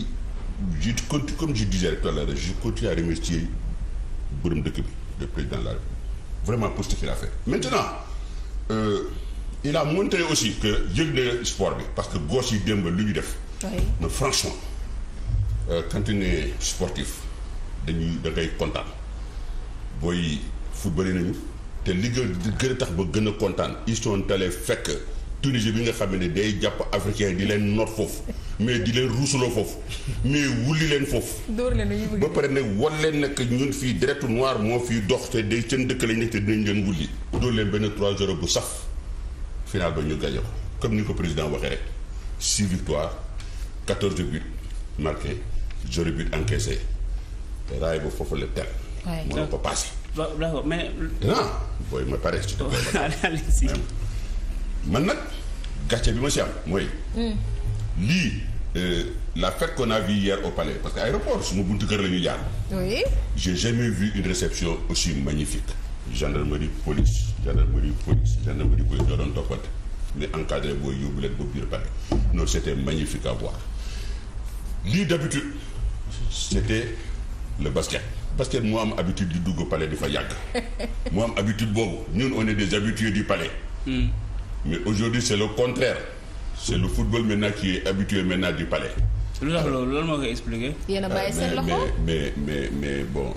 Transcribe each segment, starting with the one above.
tey je comme je disais tout à l'heure je continue à remercier borom dëkk bi le président de la République vraiment pour ce qu'il a fait maintenant euh, il a montré aussi que yëg na sport bi parce que gosse yi démb lu ñu def mais franchement euh, quand on est sportif dañuy da ngay kontaan booy football nañu te li gën a tax ba gën a kontaan ils sont allés fekk Tunisie bi nga xam ne day jàpp africain di leen noot foofu mais di leen ruusuloo foofu mais wulli leen foofu ba pare nag wan leen nag ñun fii dërëtu noir moo fii dox te day seen dëkk lañ nekk te dinañ leen wulli dóor leen benn trois zéro bu saf final ba ñu gagné ko comme ni ko président waxee rek six victoires quatorze buts marqués zéro but encaissé te raay ba foofu la teel mënoo ko passé d'accord mais non booy ma pare ci man nag gàcce bi ma si am mooy hmm. lii Euh, la fête qu'on a vue hier au palais parce que aéroport ma buntu kër la ñu jaar. jamais vu une réception aussi magnifique. gendarmerie police gendarmerie police gendarmerie police doo doon toppante mais encadré booy yóbbu leen ba biir palais non c'était magnifique à voir lii d'habitude c'était le basket. basket moo am habitude di dugg palais di fa yàgg moo am habitude boobu ñun on est des habitués di palais. Mm. mais aujourd'hui c'est le contraire. c'est le football maintenant qui est habitué maintenant du palais. lu tax loolu moo koy expliqué. yéen a bàyyi euh, seen loxo mais mais mais bon.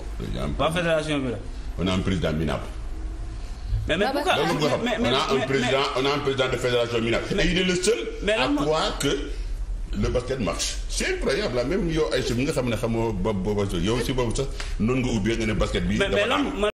waa fédération bi la. on a un président minable. mais mais ah, pourquoi mais mais on a un président on a un président de fédération minable. et il est le yow ay bi nga xam ne xamoo ba booba yow si boobu sax noonu nga ubbee